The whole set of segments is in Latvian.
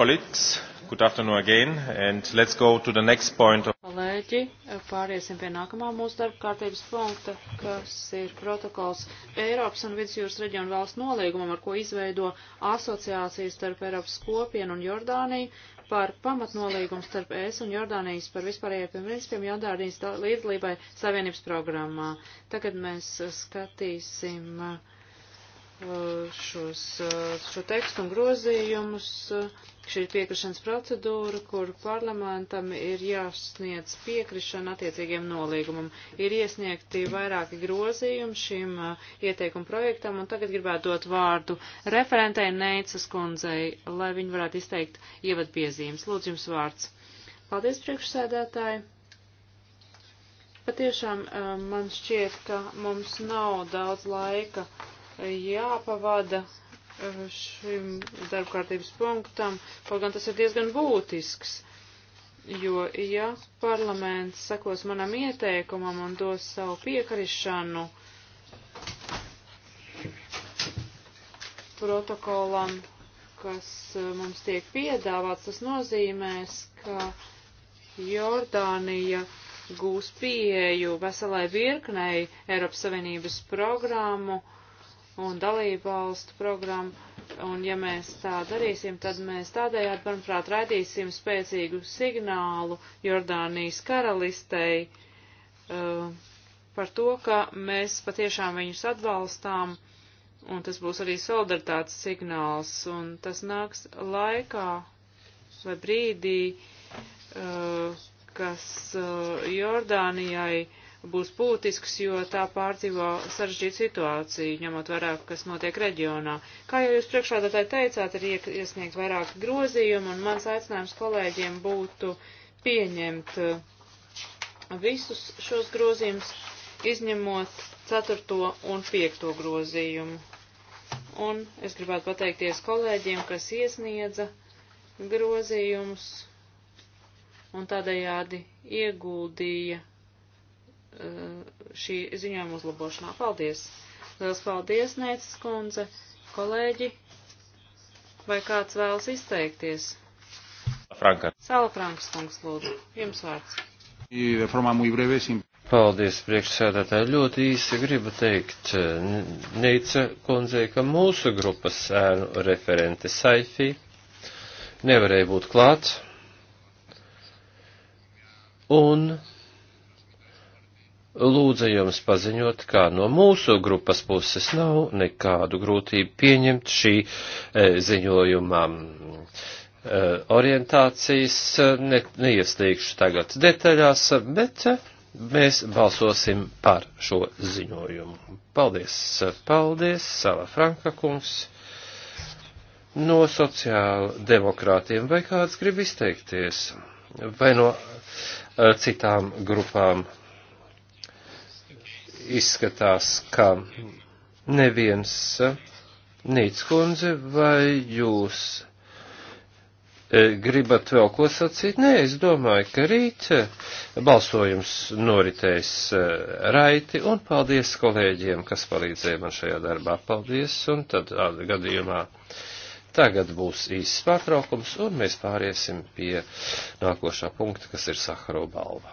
Colleagues, good afternoon again, and let's go to the next point. Of... Kolēģi, pāriesim pie nākamā mūsu darba kārtības punkta, kas ir protokols Eiropas un Vidusjūras reģionu valsts nolīgumam, ar ko izveido asociācijas starp Eiropas kopienu un Jordāniju par pamatnolīgumu starp ES un Jordānijas par vispārējiem principiem Jordānijas līdzdalībai savienības programmā. Tagad mēs skatīsim uh, Uh, šos, uh, šo tekstu un grozījumus. Uh, šī ir piekrišanas procedūra, kur parlamentam ir jāsniedz piekrišana attiecīgiem nolīgumam. Ir iesniegti vairāki grozījumi šim ieteikumu projektam, un tagad gribētu dot vārdu referentei Neicas kundzei, lai viņi varētu izteikt ievadpiezīmes. Lūdzu, jums vārds. Paldies, priekšsēdētāji! Patiešām man šķiet, ka mums nav daudz laika jāpavada eh, šim darbkārtības punktam, kaut gan tas ir diezgan būtisks, jo, ja parlaments sekos manam ieteikumam un dos savu piekrišanu protokolam, kas eh, mums tiek piedāvāts, tas nozīmēs, ka Jordānija gūs pieeju veselai virknei Eiropas Savienības programmu, uh, un dalību valstu programmu, un ja mēs tā darīsim, tad mēs tādējādi, manuprāt, raidīsim spēcīgu signālu Jordānijas karalistei uh, par to, ka mēs patiešām viņus atbalstām, un tas būs arī solidaritātes signāls, un tas nāks laikā vai brīdī, uh, kas uh, Jordānijai uh, būs būtisks, jo tā pārdzīvo sarežģītu situāciju, ņemot vērā, kas notiek reģionā. Kā jau jūs priekšādātāji teicāt, ir iesniegt vairāk grozījumu, un mans aicinājums kolēģiem būtu pieņemt uh, visus šos grozījumus, izņemot 4. un 5. grozījumu. Un es gribētu pateikties kolēģiem, kas iesniedza grozījumus un tādējādi ieguldīja Eh, šī ziņojuma uzlabošanā. Paldies! Liels paldies, Nēcis kundze, kolēģi! Vai kāds vēlas izteikties? Franka. Sala Frankas kungs, lūdzu, jums vārds. Paldies, priekšsēdētāji. Ļoti īsi gribu teikt eh, Neica kundzei, ka mūsu grupas ēnu referente Saifī nevarēja būt klāt. Un lūdza jums paziņot, kā no mūsu grupas puses nav nekādu grūtību pieņemt šī e, ziņojuma e, orientācijas. Ne, neiestīgšu tagad detaļās, bet e, mēs balsosim par šo ziņojumu. Paldies, paldies, Sala Franka kungs. No sociāla demokrātiem vai kāds grib izteikties? Vai no e, citām grupām izskatās, ka neviens Nīts kundze, vai jūs e, gribat vēl ko sacīt? Nē, es domāju, ka rīt e, balsojums noritēs e, raiti, un paldies kolēģiem, kas palīdzēja man šajā darbā. Paldies, un tad gadījumā tagad būs īsts pārtraukums, un mēs pāriesim pie nākošā punkta, kas ir Sakaro balva.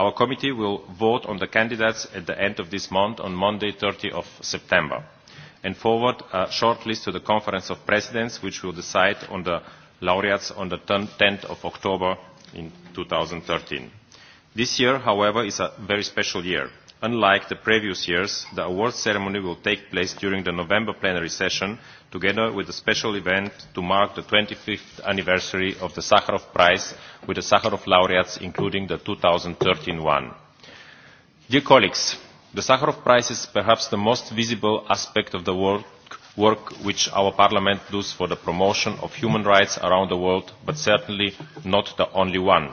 Our committee will vote on the candidates at the end of this month on Monday, 30 of September, and forward a shortlist to the Conference of Presidents, which will decide on the laureates on the 10th of October in 2013. This year, however, is a very special year unlike the previous years the awards ceremony will take place during the november plenary session together with a special event to mark the twenty fifth anniversary of the sakharov prize with the sakharov laureates including the two thousand and thirteen one. dear colleagues the sakharov prize is perhaps the most visible aspect of the work, work which our parliament does for the promotion of human rights around the world but certainly not the only one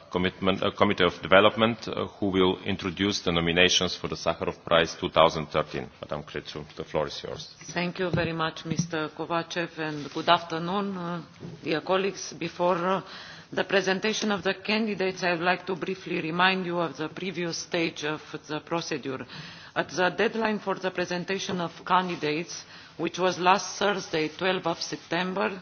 commitment, uh, Committee of Development, uh, who will introduce the nominations for the Sakharov Prize 2013. Madam Kretu, the floor is yours. Thank you very much, Mr. Kovachev, and good afternoon, uh, dear colleagues. Before uh, the presentation of the candidates, I would like to briefly remind you of the previous stage of the procedure. At the deadline for the presentation of candidates, which was last Thursday, 12 of September,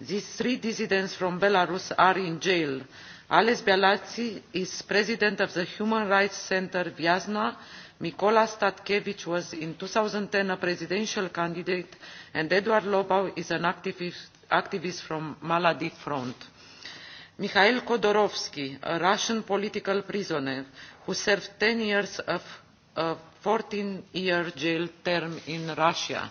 these three dissidents from belarus are in jail. ales bialatski is president of the human rights centre viasna mikola statkevich was in two thousand and ten a presidential candidate and eduard lobau is an activist, activist from maladi front. mikhail khodorkovsky a russian political prisoner who served ten years of a fourteen year jail term in russia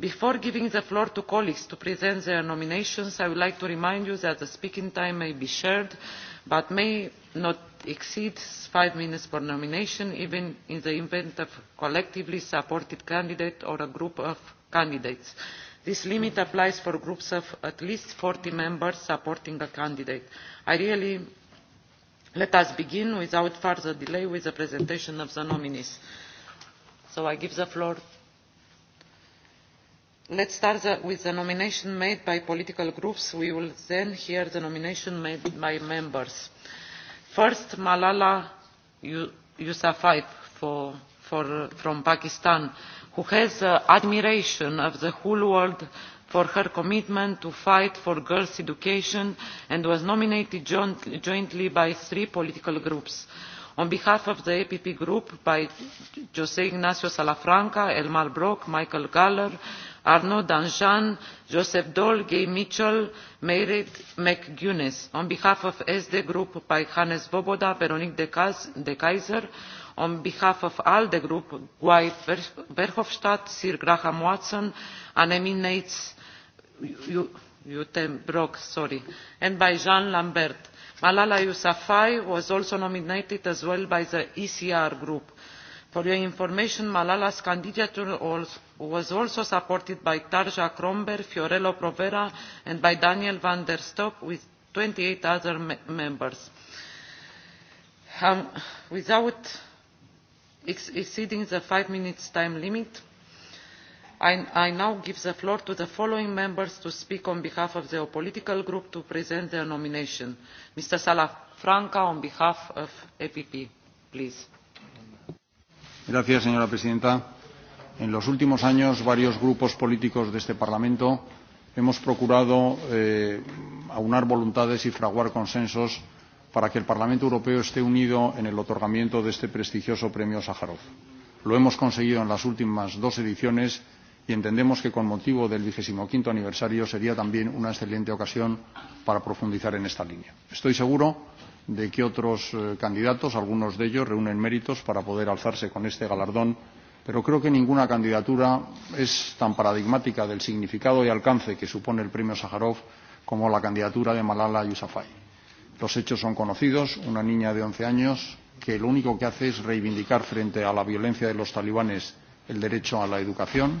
before giving the floor to colleagues to present their nominations i would like to remind you that the speaking time may be shared but may not exceed five minutes per nomination even in the event of a collectively supported candidate or a group of candidates. this limit applies for groups of at least forty members supporting a candidate. Really, let us begin without further delay with the presentation of the nominees. so i give the floor let us start with the nominations made by political groups. we will then hear the nominations made by members. first malala yousafzai for, for, from pakistan who has uh, admiration of the whole world for her commitment to fight for girls' education and was nominated jointly by three political groups on behalf of the epp group by jos ignacio salafranca elmar brok michael gahler arnaud danjean joseph daul gay mitchell mairead mcguinness; on behalf of the sd group by hannes swoboda veronique de keyser; on behalf of the alde group guy verhofstadt sir graham watson annemie neits jutta brok and by jean lambert malala yousafzai was also nominated as well by the ecr group. for your information malala's candidature was also supported by tarja kromber fiorello provera and by daniel van der stoep with twenty eight other me members. Um, without ex exceeding the five minute time limit I, i now give the floor to the following members to speak on behalf of their political group to present their nomination mr salafranca on behalf of the epp please. Gracias, señora presidenta en los últimos años varios grupos políticos de este parlamento hemos procurado eh, aunar voluntades y fraguar consensos para que el parlamento europeo esté unido en el otorgamiento de este prestigioso premio sájarov. lo hemos conseguido en las últimas dos ediciones y y entendemos que con motivo del vigesimoquinto aniversario sería también una excelente ocasión para profundizar en esta línea. Estoy seguro de que otros eh, candidatos, algunos de ellos, reúnen méritos para poder alzarse con este galardón, pero creo que ninguna candidatura es tan paradigmática del significado y alcance que supone el premio Sájarov como la candidatura de Malala Yousafzai. Los hechos son conocidos, una niña de 11 años que lo único que hace es reivindicar frente a la violencia de los talibanes el derecho a la educación,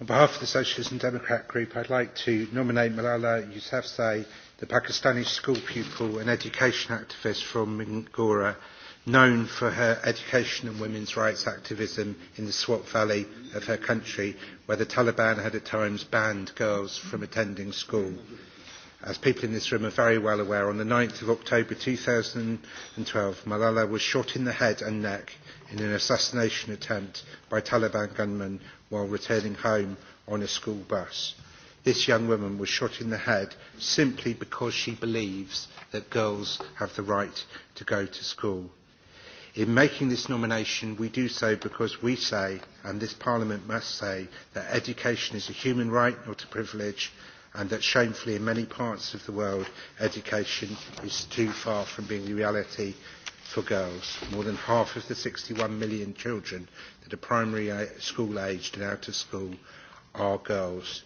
On behalf of the Socialist and Democrat Group, I'd like to nominate Malala Yousafzai, the Pakistani school pupil and education activist from Mingora, known for her education and women's rights activism in the Swat Valley of her country, where the Taliban had at times banned girls from attending school. As people in this room are very well aware, on the 9th of October 2012, Malala was shot in the head and neck in an assassination attempt by Taliban gunmen while returning home on a school bus. This young woman was shot in the head simply because she believes that girls have the right to go to school. In making this nomination, we do so because we say, and this Parliament must say, that education is a human right, not a privilege, and that shamefully in many parts of the world, education is too far from being the reality for girls. More than half of the 61 million children that are primary school aged and out of school are girls.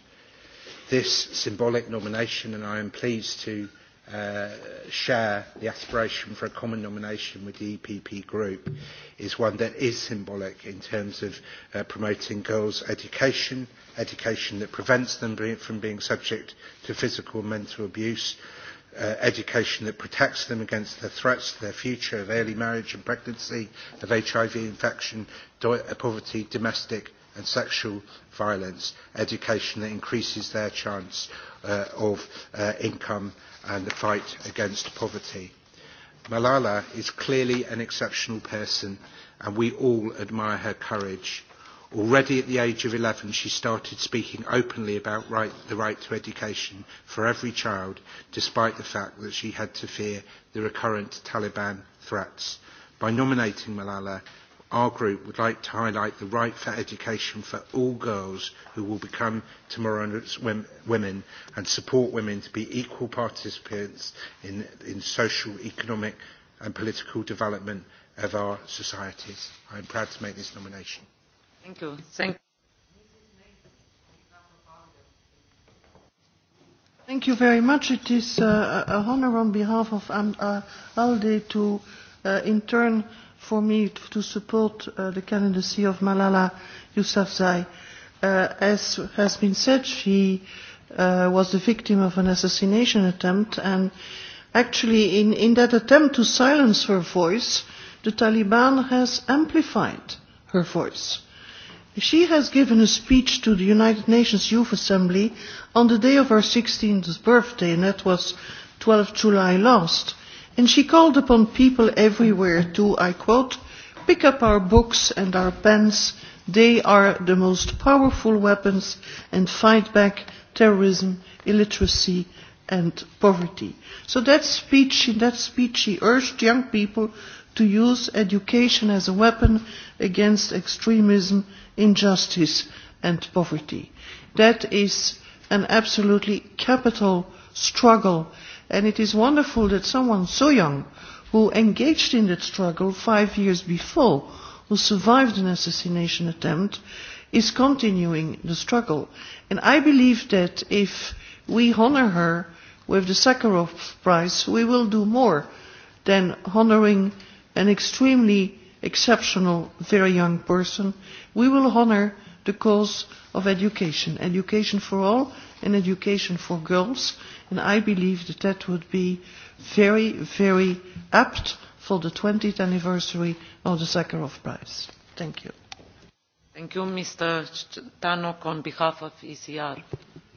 This symbolic nomination, and I am pleased to uh, share the aspiration for a common nomination with the EPP group, is one that is symbolic in terms of uh, promoting girls' education, education that prevents them from being subject to physical and mental abuse, uh, uh, education that protects them against the threats to their future of early marriage and pregnancy, of HIV infection, do uh, poverty, domestic and sexual violence, education that increases their chance uh, of uh, income and the fight against poverty. Malala is clearly an exceptional person and we all admire her courage Already at the age of 11, she started speaking openly about right, the right to education for every child, despite the fact that she had to fear the recurrent Taliban threats. By nominating Malala, our group would like to highlight the right for education for all girls who will become tomorrow's women and support women to be equal participants in, in social, economic and political development of our societies. I am proud to make this nomination. Thank you. Thank Thank you very much. It is uh, a honor on behalf of um, uh, ALDE to, uh, in turn, for me to support uh, the candidacy of Malala Yousafzai. Uh, as has been said, she uh, was the victim of an assassination attempt, and actually, in, in that attempt to silence her voice, the Taliban has amplified her voice. Uh, She has given a speech to the United Nations Youth Assembly on the day of her 16th birthday, and that was 12 July last. And she called upon people everywhere to, I quote, pick up our books and our pens. They are the most powerful weapons and fight back terrorism, illiteracy, and poverty. So that speech, in that speech, she urged young people to use education as a weapon against extremism injustice and poverty. That is an absolutely capital struggle and it is wonderful that someone so young who engaged in that struggle five years before, who survived an assassination attempt, is continuing the struggle. And I believe that if we honor her with the Sakharov Prize, we will do more than honoring an extremely exceptional, very young person, we will honor the cause of education, education for all and education for girls. And I believe that that would be very, very apt for the 20th anniversary of the Sakharov Prize. Thank you. Thank you, Mr. Tanok, on behalf of ECR.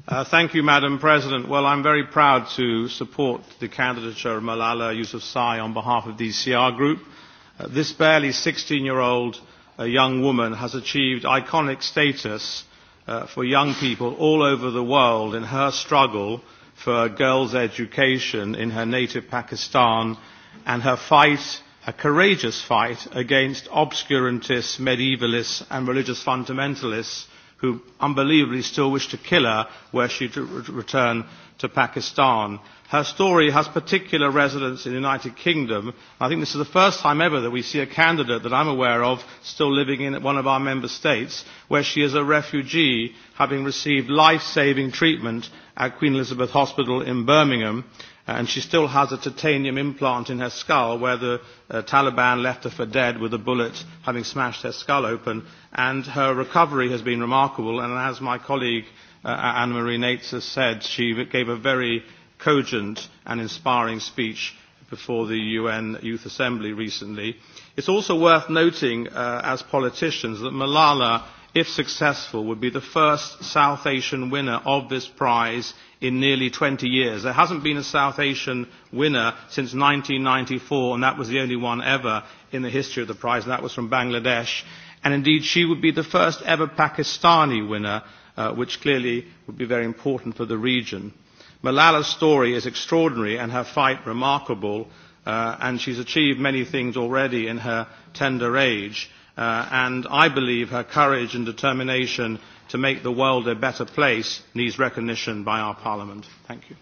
Uh, thank you, Madam President. Well, I'm very proud to support the candidature of Malala Yousafzai on behalf of the ECR group. Uh, Uh, this barely 16 year old uh, young woman has achieved iconic status uh, for young people all over the world in her struggle for girls' education in her native Pakistan and her fight, a courageous fight, against obscurantists, medievalists, and religious fundamentalists who unbelievably still wish to kill her were she to re- return to Pakistan. Her story has particular resonance in the United Kingdom. I think this is the first time ever that we see a candidate that I'm aware of still living in one of our member states, where she is a refugee having received life-saving treatment at Queen Elizabeth Hospital in Birmingham and she still has a titanium implant in her skull where the uh, Taliban left her for dead with a bullet having smashed her skull open. And her recovery has been remarkable. And as my colleague uh, Anne Marie Nates has said, she gave a very cogent and inspiring speech before the UN Youth Assembly recently. It's also worth noting uh, as politicians that Malala if successful, would be the first South Asian winner of this prize in nearly 20 years. There hasn't been a South Asian winner since 1994, and that was the only one ever in the history of the prize, and that was from Bangladesh. And indeed, she would be the first ever Pakistani winner, uh, which clearly would be very important for the region. Malala's story is extraordinary and her fight remarkable, uh, and she's achieved many things already in her tender age Uh, and I believe her courage and determination to make the world a better place needs recognition by our Parliament. Thank you.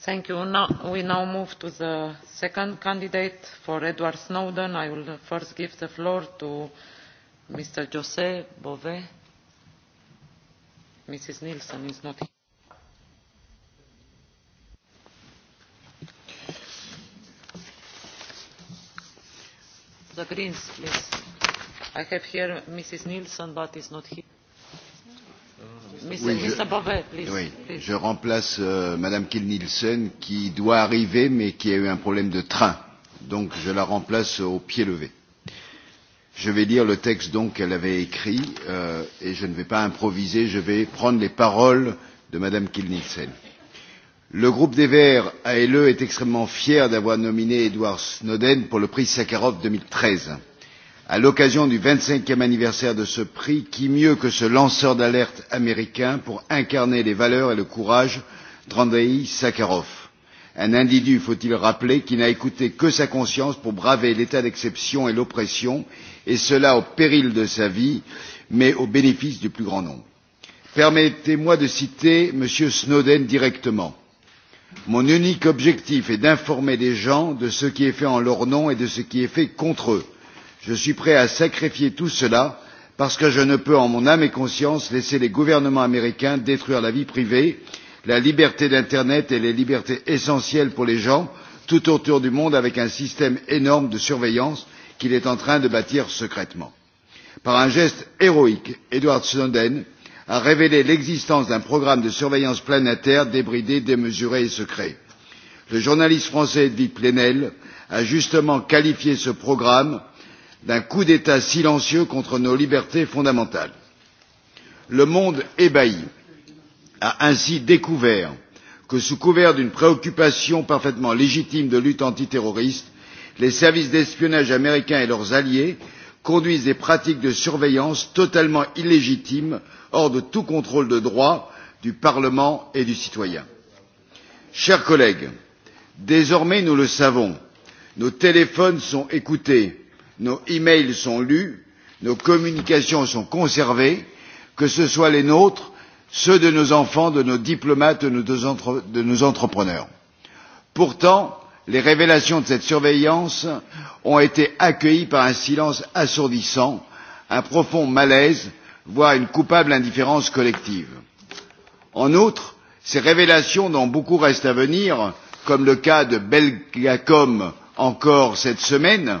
Thank you. Now, we now move to the second candidate for Edward Snowden. I will first give the floor to Mr. Jose Bove. Mrs. Nielsen is not here. The Greens, please. I have here Mrs. Nielsen, but is not here. Mr. Oui, je, Mr. Bobet, please, oui, please. je remplace euh, Madame Kiel Nielsen qui doit arriver mais qui a eu un problème de train. Donc je la remplace au pied levé. Je vais lire le texte donc qu'elle avait écrit euh, et je ne vais pas improviser, je vais prendre les paroles de Madame Kiel Nielsen. Le groupe des Verts ALE est extrêmement fier d'avoir nominé Edward Snowden pour le prix Sakharov 2013 à l'occasion du vingt cinquième anniversaire de ce prix qui mieux que ce lanceur d'alerte américain pour incarner les valeurs et le courage d'andreï sakharov un individu faut il le rappeler qui n'a écouté que sa conscience pour braver l'état d'exception et l'oppression et cela au péril de sa vie mais au bénéfice du plus grand nombre. permettez moi de citer m. snowden directement mon unique objectif est d'informer les gens de ce qui est fait en leur nom et de ce qui est fait contre eux je suis prêt à sacrifier tout cela parce que je ne peux en mon âme et conscience laisser les gouvernements américains détruire la vie privée la liberté d'internet et les libertés essentielles pour les gens tout autour du monde avec un système énorme de surveillance qu'il est en train de bâtir secrètement. par un geste héroïque edward snowden a révélé l'existence d'un programme de surveillance planétaire débridé démesuré et secret. le journaliste français edwy plenel a justement qualifié ce programme d'un coup d'état silencieux contre nos libertés fondamentales. le monde ébahi a ainsi découvert que sous couvert d'une préoccupation parfaitement légitime de lutte antiterroriste les services d'espionnage américains et leurs alliés conduisent des pratiques de surveillance totalement illégitimes hors de tout contrôle de droit du parlement et du citoyen. chers collègues désormais nous le savons nos téléphones sont écoutés nos emails sont lus, nos communications sont conservées, que ce soit les nôtres, ceux de nos enfants, de nos diplomates, de nos, entre, de nos entrepreneurs. Pourtant, les révélations de cette surveillance ont été accueillies par un silence assourdissant, un profond malaise, voire une coupable indifférence collective. En outre, ces révélations dont beaucoup reste à venir, comme le cas de Belgacom encore cette semaine,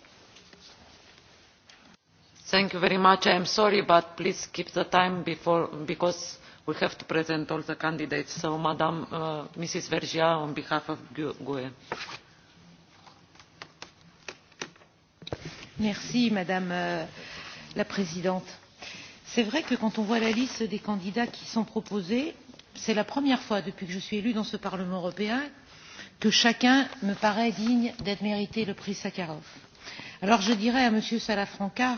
thank you very much. i am sorry but please keep the time before, because we have to present all the candidates. so madam uh, mrs vergiat on behalf of gue. Merci, madame euh, la présidente c'est vrai que quand on voit la liste des candidats qui sont proposés c'est la première fois depuis que je suis élue dans ce parlement européen que chacun me paraît digne d'être mérité le prix sakharov. alors je dirais à m. salafranca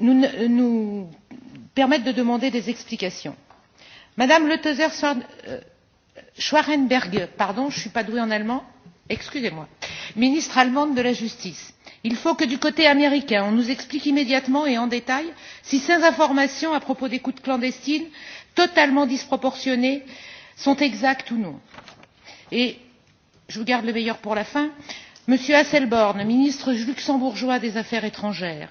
nous, nous permettent de demander des explications. madame lutheuser schwarzenberg euh, pardon je ne suis pas douée en allemand excusez moi ministre allemande de la justice il faut que du côté américain on nous explique immédiatement et en détail si ces informations à propos d'écoutes clandestines totalement disproportionnées sont exactes ou non. et je vous garde le meilleur pour la fin monsieur hasselborn ministre luxembourgeois des affaires étrangères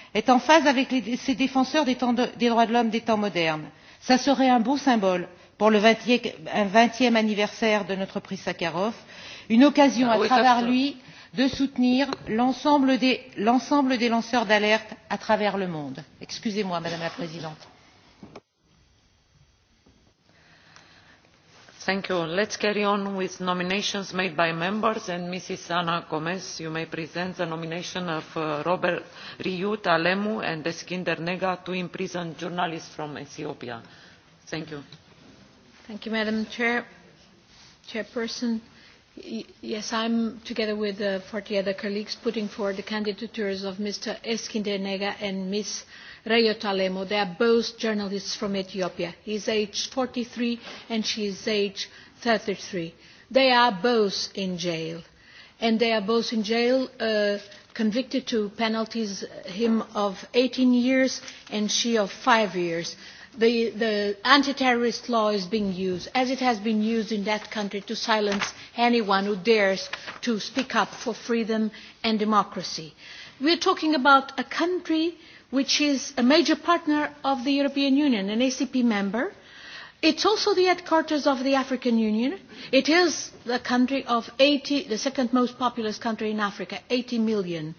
et est en phase avec ces défenseurs des, de, des droits de l'homme des temps modernes. ce serait un beau symbole pour le vingtième anniversaire de notre prix sakharov une occasion ah à travers lui de soutenir l'ensemble des, des lanceurs d'alerte à travers le monde. excusez moi madame la présidente. Thank you. Let's carry on with nominations made by members. And Mrs. Ana Gomez, you may present the nomination of uh, Robert Riut Alemu and Eskinder Nega, two imprisoned journalists from Ethiopia. Thank you. Thank you, Madam Chair. Chairperson, yes, I'm, together with uh, 40 other colleagues, putting forward the candidatures of Mr. Eskinder Nega and Ms. Rayot Alemo. They are both journalists from Ethiopia. He is age 43 and she is age 33. They are both in jail. And they are both in jail, uh, convicted to penalties, him of 18 years and she of 5 years the, the anti-terrorist law is being used, as it has been used in that country, to silence anyone who dares to speak up for freedom and democracy. We're talking about a country uh, which is a major partner of the European Union, an ACP member. It's also the headquarters of the African Union. It is the country of 80, the second most populous country in Africa, 80 million.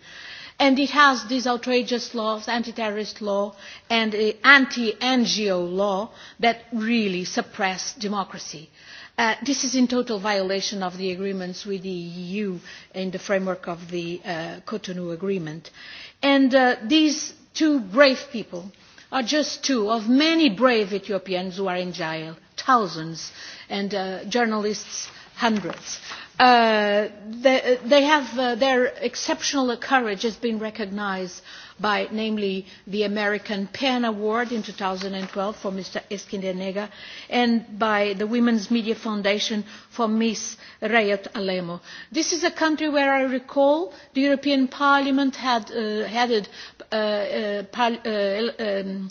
And it has these outrageous laws, anti-terrorist law and uh, anti-NGO law that really suppress democracy. Uh, this is in total violation of the agreements with the EU in the framework of the uh, Cotonou Agreement. And uh, these two brave people are just two of many brave Ethiopians who are in jail, thousands, and uh, journalists hundreds. Uh, they, they have, uh, their exceptional courage has been recognized by namely the American PEN Award in 2012 for Mr. Esquindenega and by the Women's Media Foundation for Ms. Rayot Alemo. This is a country where I recall the European Parliament had uh, headed uh, uh, par- uh, um,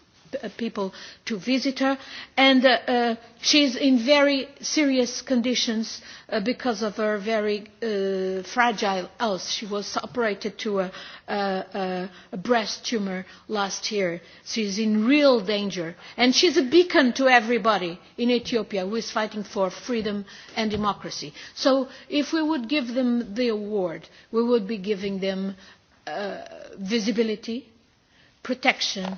Uh, people to visit her. And uh, uh, she's in very serious conditions uh, because of her very uh, fragile health. She was operated to a, a, a breast tumor last year. She's in real danger. And she's a beacon to everybody in Ethiopia who is fighting for freedom and democracy. So if we would give them the award, we would be giving them uh, visibility, protection,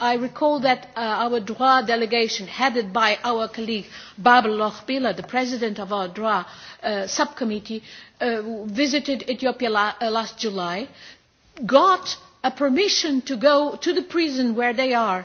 I recall that uh, our DROA delegation, headed by our colleague Babel Lochbihler, the president of our DROA uh, subcommittee, uh, visited Ethiopia la uh, last July, got a permission to go to the prison where they are uh,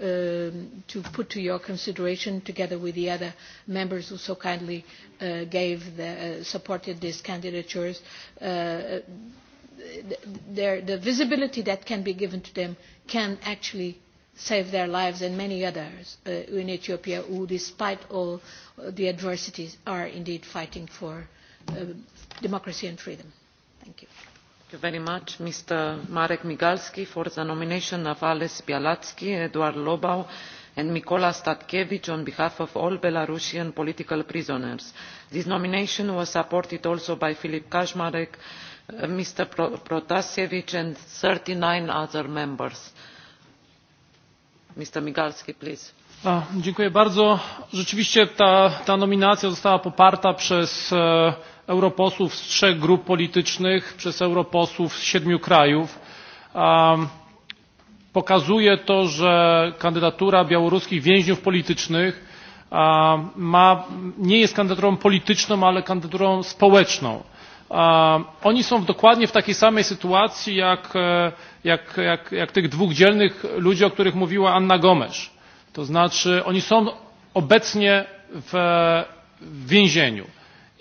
um, to put to your consideration together with the other members who so kindly uh, gave the, uh, supported these candidatures. Uh, their, the visibility that can be given to them can actually save their lives and many others uh, in Ethiopia who, despite all the adversities, are indeed fighting for uh, democracy and freedom. Thank you. Thank you very much, Mr. Marek Migalski, for the nomination of Ales Bialatsky, Eduard Lobau, and Mikola Statkevich on behalf of all Belarusian political prisoners. This nomination was supported also by Filip Kaczmarek, uh, Mr. Protasevich, and 39 other members. Mr. Migalski, please. A, dziękuję bardzo. Rzeczywiście ta, ta nominacja została poparta przez e, europosłów z trzech grup politycznych przez europosłów z siedmiu krajów. Pokazuje to, że kandydatura białoruskich więźniów politycznych ma, nie jest kandydaturą polityczną, ale kandydaturą społeczną. Oni są dokładnie w takiej samej sytuacji jak, e, jak, jak, jak tych dwóch dzielnych ludzi, o których mówiła Anna Gomesz. To znaczy oni są obecnie w, w więzieniu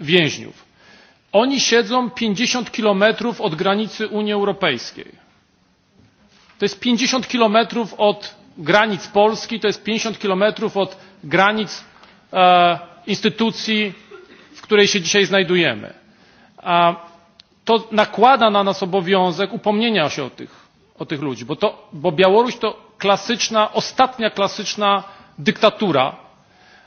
więźniów. Oni siedzą 50 kilometrów od granicy Unii Europejskiej. To jest 50 kilometrów od granic Polski, to jest 50 kilometrów od granic e, instytucji, w której się dzisiaj znajdujemy. A to nakłada na nas obowiązek upomnienia się o tych, o tych ludzi, bo, to, bo Białoruś to klasyczna, ostatnia klasyczna dyktatura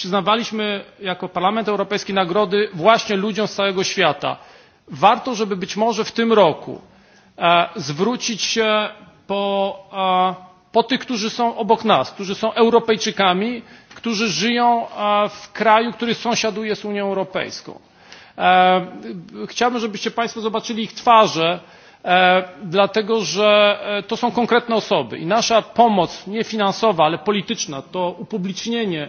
przyznawaliśmy jako parlament europejski nagrody właśnie ludziom z całego świata warto żeby być może w tym roku e, zwrócić się po, e, po tych którzy są obok nas którzy są europejczykami którzy żyją e, w kraju który sąsiaduje z unią europejską. E, chciałbym żebyście państwo zobaczyli ich twarze e, dlatego że e, to są konkretne osoby i nasza pomoc nie finansowa ale polityczna to upublicznienie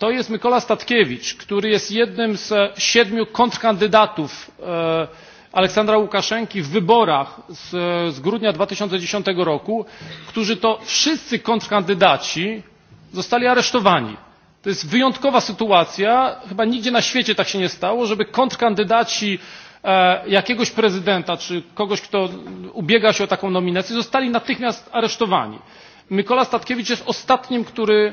to jest Mykola Statkiewicz, który jest jednym z e, siedmiu kontrkandydatów e, Aleksandra Łukaszenki w wyborach z, e, z grudnia 2010 roku, którzy to wszyscy kontrkandydaci zostali aresztowani. To jest wyjątkowa sytuacja, chyba nigdzie na świecie tak się nie stało, żeby kontrkandydaci jakiegoś prezydenta czy kogoś, kto ubiega się o taką nominację, zostali natychmiast aresztowani. Mykola Statkiewicz jest ostatnim, który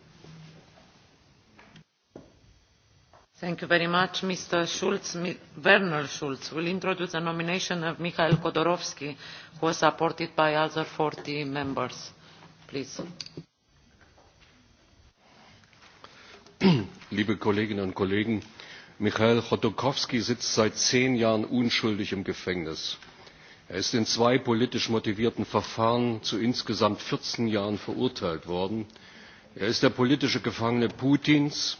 Thank you very much. Mr. Schulz, Werner Schulz will introduce the nomination of Mikhail Khodorkovsky, who was supported by other 40 members. Please. Liebe Kolleginnen und Kollegen, Mikhail Chodorkowski sitzt seit zehn Jahren unschuldig im Gefängnis. Er ist in zwei politisch motivierten Verfahren zu insgesamt 14 Jahren verurteilt worden. Er ist der politische Gefangene Putins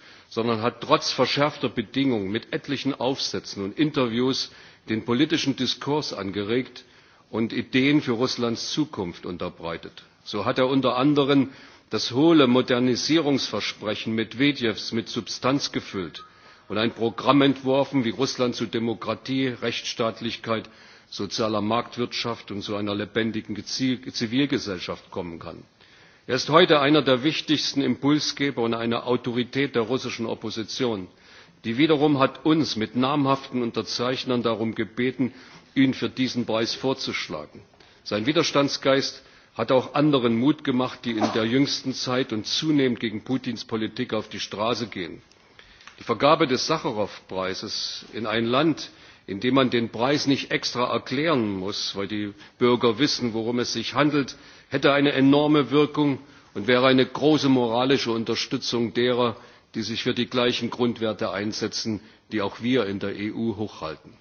sondern hat trotz verschärfter bedingungen mit etlichen aufsätzen und interviews den politischen diskurs angeregt und ideen für russlands zukunft unterbreitet. so hat er unter anderem das hohle modernisierungsversprechen medwedews mit substanz gefüllt und ein programm entworfen wie russland zu demokratie rechtsstaatlichkeit sozialer marktwirtschaft und zu einer lebendigen zivilgesellschaft kommen kann er ist heute einer der wichtigsten impulsgeber und eine autorität der russischen opposition die wiederum hat uns mit namhaften unterzeichnern darum gebeten ihn für diesen preis vorzuschlagen. sein widerstandsgeist hat auch anderen mut gemacht die in der jüngsten zeit und zunehmend gegen putins politik auf die straße gehen. die vergabe des sacharow preises in ein land indem man den preis nicht extra erklären muss weil die bürger wissen worum es sich handelt hätte eine enorme wirkung und wäre eine große moralische unterstützung derer die sich für die gleichen grundwerte einsetzen die auch wir in der eu hochhalten.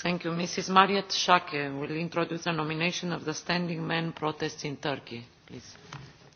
Thank you. Mrs. Mariet Schake will introduce a nomination of the Standing Man protest in Turkey, please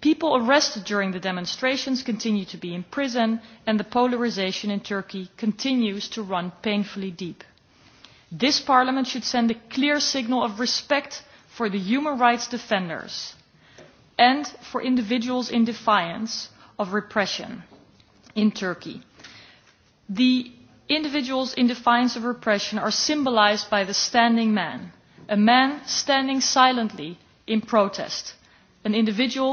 people arrested during the demonstrations continue to be in prison and the polarisation in turkey continues to run painfully deep. this parliament should send a clear signal of respect for the human rights defenders and for individuals in defiance of repression in turkey. the individuals in defiance of repression are symbolised by the standing man a man standing silently in protest an individual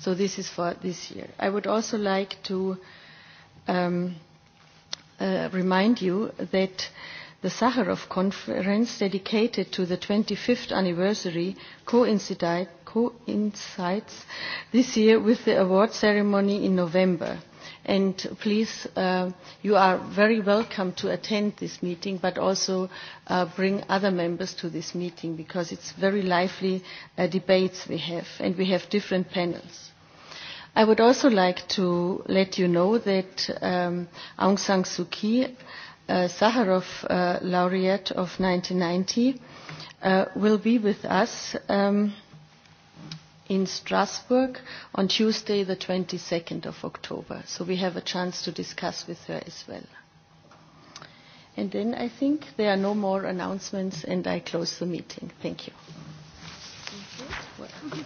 So this is for this year. I would also like to um, uh, remind you that the Sakharov conference dedicated to the 25th anniversary coincide, coincides this year with the award ceremony in November. And please, uh, you are very welcome to attend this meeting, but also uh, bring other members to this meeting because it's very lively uh, debates we have, and we have different panels. I would also like to let you know that um, Aung San Suu Kyi, uh, Sakharov uh, laureate of 1990, uh, will be with us um, in Strasbourg on Tuesday, the 22nd of October. So we have a chance to discuss with her as well. And then I think there are no more announcements, and I close the meeting. Thank you. Thank you.